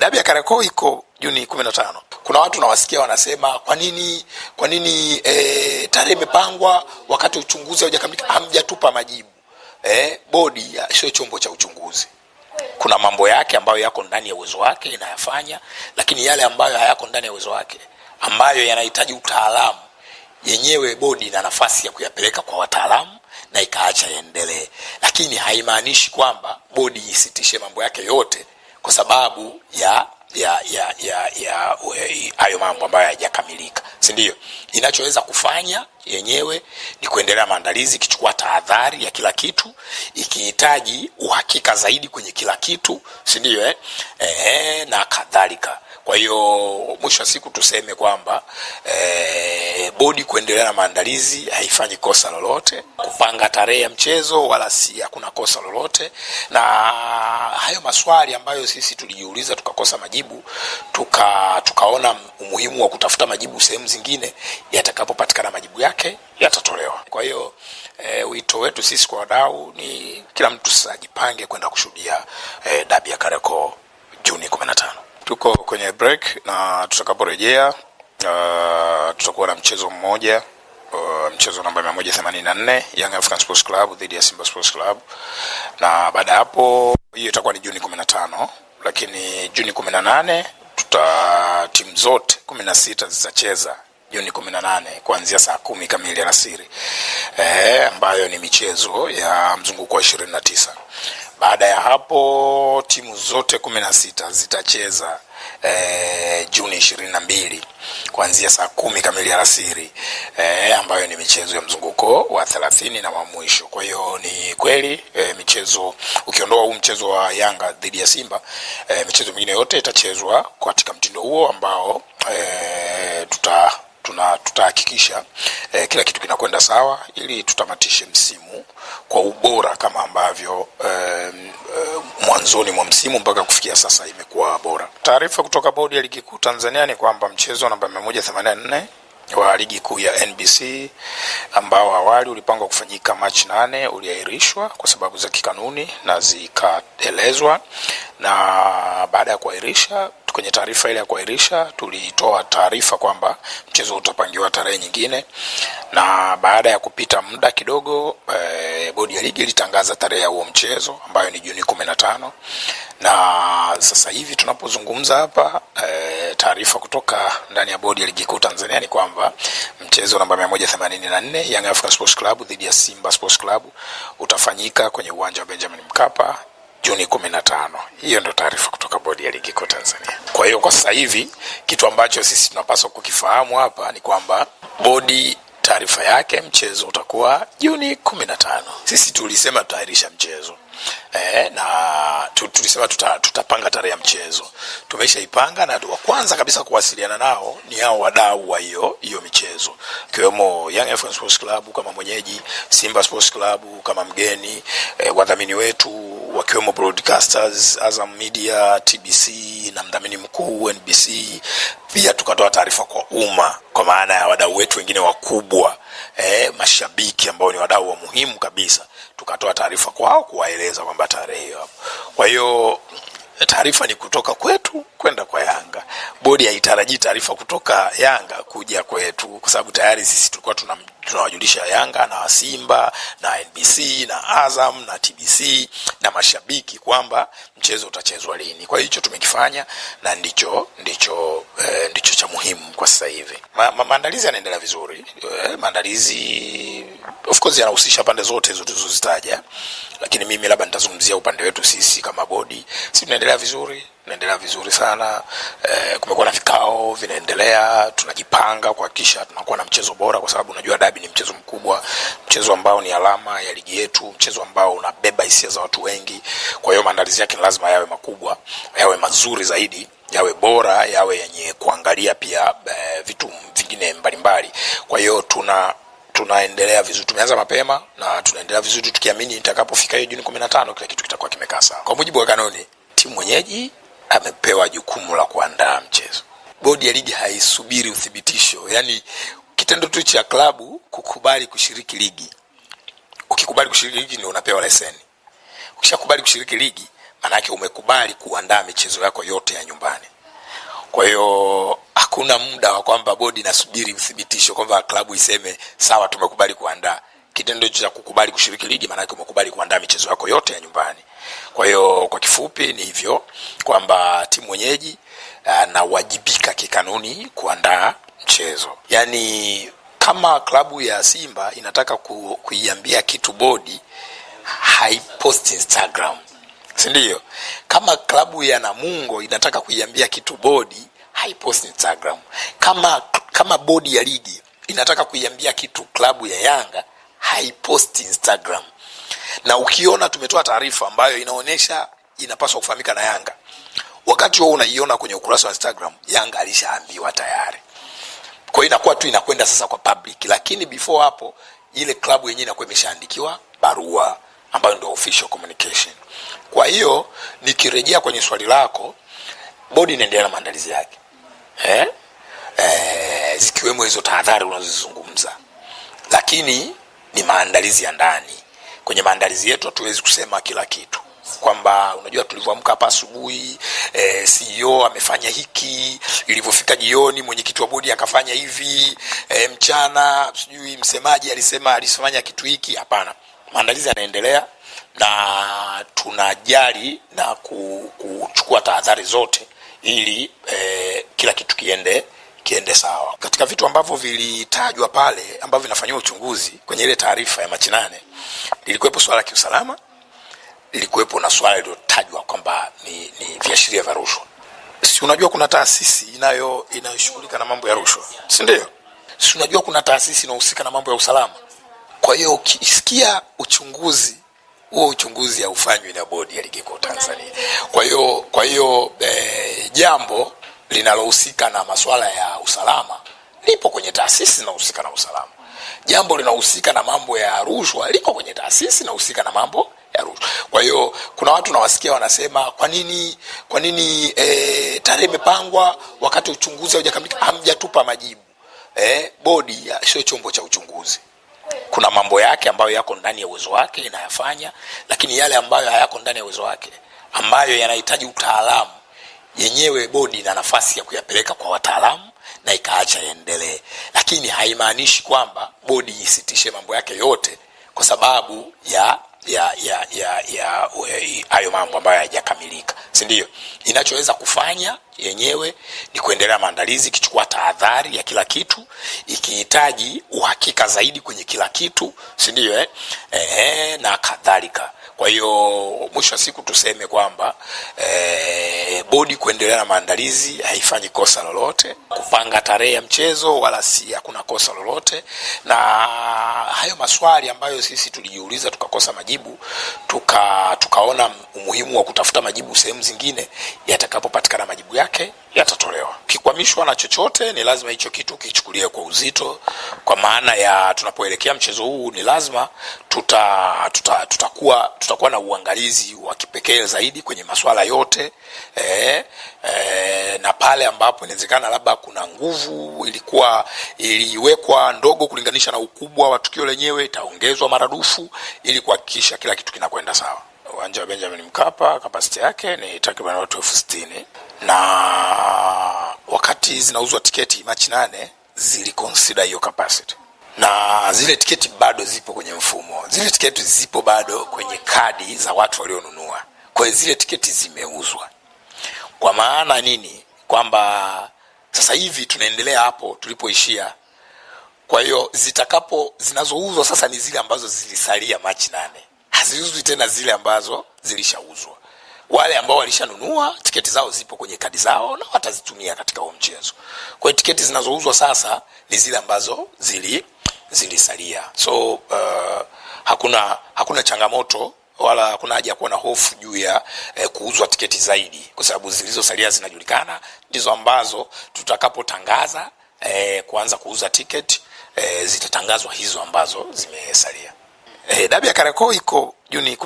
dabi ya Kariakoo iko Juni 15. Kuna watu nawasikia wanasema kwa nini kwa nini e, tarehe imepangwa wakati uchunguzi haujakamilika. Hamjatupa majibu e, bodi sio chombo cha uchunguzi kuna mambo yake ambayo yako ndani ya uwezo wake inayafanya, lakini yale ambayo hayako ndani ya uwezo wake ambayo yanahitaji utaalamu, yenyewe bodi ina nafasi ya kuyapeleka kwa wataalamu na ikaacha yaendelee, lakini haimaanishi kwamba bodi isitishe mambo yake yote kwa sababu ya ya ya ya ya eh, hayo mambo ambayo hayajakamilika, si ndio? Inachoweza kufanya yenyewe ni kuendelea maandalizi, ikichukua tahadhari ya kila kitu, ikihitaji uhakika zaidi kwenye kila kitu, si ndio? Eh, e, na kadhalika. Kwa hiyo mwisho wa siku tuseme kwamba e, bodi kuendelea na maandalizi haifanyi kosa lolote, kupanga tarehe ya mchezo wala si hakuna kosa lolote, na hayo maswali ambayo sisi tulijiuliza tukakosa majibu tuka, tukaona umuhimu wa kutafuta majibu sehemu zingine, yatakapopatikana majibu yake yatatolewa. Kwa hiyo e, wito wetu sisi kwa wadau ni kila mtu sasa ajipange kwenda kushuhudia tuko kwenye break na tutakaporejea uh, tutakuwa na mchezo mmoja uh, mchezo namba 184 Young African Sports Club dhidi ya Simba Sports Club, na baada ya hapo, hiyo itakuwa ni Juni 15, lakini Juni 18 tuta timu zote 16 zitacheza Juni 18 kuanzia saa kumi kamili alasiri, eh, ambayo ni michezo ya mzunguko wa 29. Baada ya hapo timu zote kumi na sita zitacheza e, Juni ishirini na mbili kuanzia saa kumi kamili alasiri e, ambayo ni michezo ya mzunguko wa thelathini na wa mwisho. Kwa hiyo ni kweli e, michezo ukiondoa huu mchezo wa Yanga dhidi ya Simba e, michezo mingine yote itachezwa katika mtindo huo ambao e, tuta tuna tutahakikisha eh, kila kitu kinakwenda sawa ili tutamatishe msimu kwa ubora kama ambavyo eh, mwanzoni mwa msimu mpaka kufikia sasa imekuwa bora. Taarifa kutoka Bodi ya Ligi Kuu Tanzania ni kwamba mchezo namba 184 wa ligi kuu ya NBC ambao awali ulipangwa kufanyika Machi nane uliahirishwa kwa sababu za kikanuni na zikaelezwa, na baada ya kuahirisha Kwenye taarifa ile ya kuahirisha, tulitoa taarifa kwamba mchezo utapangiwa tarehe nyingine, na baada ya kupita muda kidogo e, bodi ya ligi ilitangaza tarehe ya huo mchezo ambayo ni Juni kumi na tano na sasa hivi tunapozungumza hapa e, taarifa kutoka ndani ya bodi ya ligi kuu Tanzania ni kwamba mchezo namba 184 Young africa Sports Club dhidi ya Simba Sports Club utafanyika kwenye uwanja wa Benjamin Mkapa Juni 15. tano. Hiyo ndio taarifa kutoka bodi ya ligi kuu Tanzania. Kwa hiyo kwa sasa hivi kitu ambacho sisi tunapaswa kukifahamu hapa ni kwamba bodi taarifa yake mchezo utakuwa Juni 15. Sisi tulisema tutaahirisha mchezo e, na tulisema tuta, tutapanga tarehe ya mchezo. Tumeshaipanga na wa kwanza kabisa kuwasiliana nao ni hao wadau wa hiyo hiyo michezo, ikiwemo Young Africans Sports Club kama mwenyeji, Simba Sports Club kama mgeni e, wadhamini wetu wakiwemo broadcasters, Azam Media, TBC na mdhamini mkuu NBC. Pia tukatoa taarifa kwa umma, kwa maana ya wadau wetu wengine wakubwa eh, mashabiki ambao ni wadau wa muhimu kabisa, tukatoa taarifa kwao kuwaeleza kwamba tarehe hiyo hapo. Kwa hiyo taarifa ni kutoka kwetu kwenda kwa Yanga. Bodi haitarajii taarifa kutoka Yanga kuja kwetu, kwa sababu tayari sisi tulikuwa tuna tunawajulisha Yanga na Simba na NBC na Azam na TBC na mashabiki kwamba mchezo utachezwa lini. Kwa hicho tumekifanya na ndicho ndicho eh, ndicho cha muhimu kwa sasa hivi. Ma, ma, maandalizi yanaendelea vizuri eh, maandalizi of course yanahusisha pande zote hizo tulizozitaja, lakini mimi labda nitazungumzia upande wetu sisi kama bodi, sisi tunaendelea vizuri inaendelea vizuri sana e, kumekuwa na vikao vinaendelea, tunajipanga kuhakikisha tunakuwa na mchezo bora, kwa sababu unajua dabi ni mchezo mkubwa, mchezo ambao ni alama ya ligi yetu, mchezo ambao unabeba hisia za watu wengi. Kwa hiyo maandalizi yake ni lazima yawe makubwa, yawe mazuri zaidi, yawe bora, yawe yenye kuangalia pia e, vitu vingine mbalimbali. Kwa hiyo tuna tunaendelea vizuri, tumeanza mapema na tunaendelea vizuri, tukiamini itakapofika hiyo Juni kumi na tano kila kitu kitakuwa kimekaa sawa kwa mujibu wa kanuni. Timu mwenyeji amepewa jukumu la kuandaa mchezo. Bodi ya ligi haisubiri uthibitisho, yaani kitendo tu cha klabu kukubali kushiriki ligi. Ukikubali kushiriki ligi, ndio unapewa leseni. Ukishakubali kushiriki ligi, yake umekubali kuandaa michezo yako yote ya nyumbani. Kwa hiyo hakuna muda wa kwamba bodi inasubiri uthibitisho kwamba klabu iseme sawa, tumekubali kuandaa kitendo cha kukubali kushiriki ligi, maanake umekubali kuandaa michezo yako yote ya nyumbani. Kwa hiyo kwa kifupi ni hivyo kwamba timu mwenyeji uh, anawajibika kikanuni kuandaa mchezo. Yaani kama klabu ya Simba inataka ku, kuiambia kitu bodi, haipost Instagram, si ndio? Kama klabu ya Namungo inataka kuiambia kitu bodi, haipost Instagram. Kama kama bodi ya ligi inataka kuiambia kitu klabu ya Yanga haipost Instagram, na ukiona tumetoa taarifa ambayo inaonyesha inapaswa kufahamika na Yanga, wakati huo unaiona kwenye ukurasa wa Instagram, Yanga alishaambiwa tayari. Kwa hiyo inakuwa tu inakwenda sasa kwa public, lakini before hapo ile klabu yenyewe inakuwa imeshaandikiwa barua ambayo ndio official communication. Kwa hiyo nikirejea kwenye swali lako, bodi inaendelea na maandalizi yake eh? Eh, zikiwemo hizo tahadhari unazozizungumza, lakini ni maandalizi ya ndani. Kwenye maandalizi yetu hatuwezi kusema kila kitu kwamba unajua tulivyoamka hapa asubuhi eh, e, CEO amefanya hiki, ilivyofika jioni mwenyekiti wa bodi akafanya hivi e, mchana sijui msemaji alisema alifanya kitu hiki. Hapana, maandalizi yanaendelea na tunajali na kuchukua tahadhari zote ili e, kila kitu kiende kiende sawa. Katika vitu ambavyo vilitajwa pale ambavyo vinafanyiwa uchunguzi kwenye ile taarifa ya Machi nane, lilikuwepo swala la kiusalama, lilikuwepo na swala lililotajwa kwamba ni, ni viashiria vya rushwa. Si unajua kuna taasisi inayo inayoshughulika na mambo ya rushwa, si ndio? Si unajua kuna taasisi inayohusika na mambo ya usalama. Kwa hiyo ukisikia uchunguzi huo, uchunguzi haufanywi na bodi ya ligi kuu Tanzania. Kwa hiyo kwa hiyo eh, jambo linalohusika na masuala ya usalama lipo kwenye taasisi zinahusika na usalama. Jambo linahusika na mambo ya rushwa liko kwenye taasisi inahusika na mambo ya rushwa. Kwa hiyo kuna watu nawasikia wanasema kwa nini, kwa nini e, tarehe imepangwa wakati uchunguzi haujakamilika? Hamjatupa majibu e, bodi sio chombo cha uchunguzi kuna mambo yake ambayo yako ndani ya uwezo wake inayafanya, lakini yale ambayo hayako ndani ya uwezo wake ambayo yanahitaji utaalamu yenyewe bodi ina nafasi ya kuyapeleka kwa wataalamu na ikaacha yaendelee, lakini haimaanishi kwamba bodi isitishe mambo yake yote kwa sababu ya ya ya ya ya eh, hayo mambo ambayo hayajakamilika, si ndio? Inachoweza kufanya yenyewe ni kuendelea maandalizi, ikichukua tahadhari ya kila kitu, ikihitaji uhakika zaidi kwenye kila kitu, si ndio? Eh, na kadhalika. Kwa hiyo mwisho wa siku tuseme kwamba e, bodi kuendelea na maandalizi haifanyi kosa lolote, kupanga tarehe ya mchezo wala si hakuna kosa lolote, na hayo maswali ambayo sisi tulijiuliza tukakosa majibu tuka, tukaona umuhimu wa kutafuta majibu sehemu zingine, yatakapopatikana majibu yake yatatolewa. Kikwamishwa na chochote, ni lazima hicho kitu kichukulie kwa uzito, kwa maana ya tunapoelekea mchezo huu ni lazima tuta, tuta, tutakuwa tuta tutakuwa na uangalizi wa kipekee zaidi kwenye masuala yote e, e, na pale ambapo inawezekana labda kuna nguvu ilikuwa iliwekwa ndogo kulinganisha na ukubwa wa tukio lenyewe itaongezwa maradufu ili kuhakikisha kila kitu kinakwenda sawa. Uwanja wa Benjamin Mkapa kapasiti yake ni takriban watu elfu sitini na wakati zinauzwa tiketi Machi nane zilikonsida hiyo kapasiti na zile tiketi bado zipo kwenye mfumo, zile tiketi zipo bado kwenye kadi za watu walionunua. Kwa hiyo zile tiketi zimeuzwa. Kwa maana nini? Kwamba sasa hivi tunaendelea hapo tulipoishia. Kwa hiyo zitakapo, zinazouzwa sasa ni zile ambazo zilisalia Machi nane, haziuzwi tena zile ambazo zilishauzwa. Wale ambao walishanunua tiketi zao zipo kwenye kadi zao na watazitumia katika huo mchezo. Kwa hiyo tiketi zinazouzwa sasa ni zile ambazo zili zilisalia. So uh, hakuna hakuna changamoto wala hakuna haja ya kuwa na hofu juu ya eh, kuuzwa tiketi zaidi, kwa sababu zilizosalia zinajulikana, ndizo ambazo tutakapotangaza eh, kuanza kuuza tiketi eh, zitatangazwa hizo ambazo zimesalia. Eh, dabi ya Kariakoo iko Juni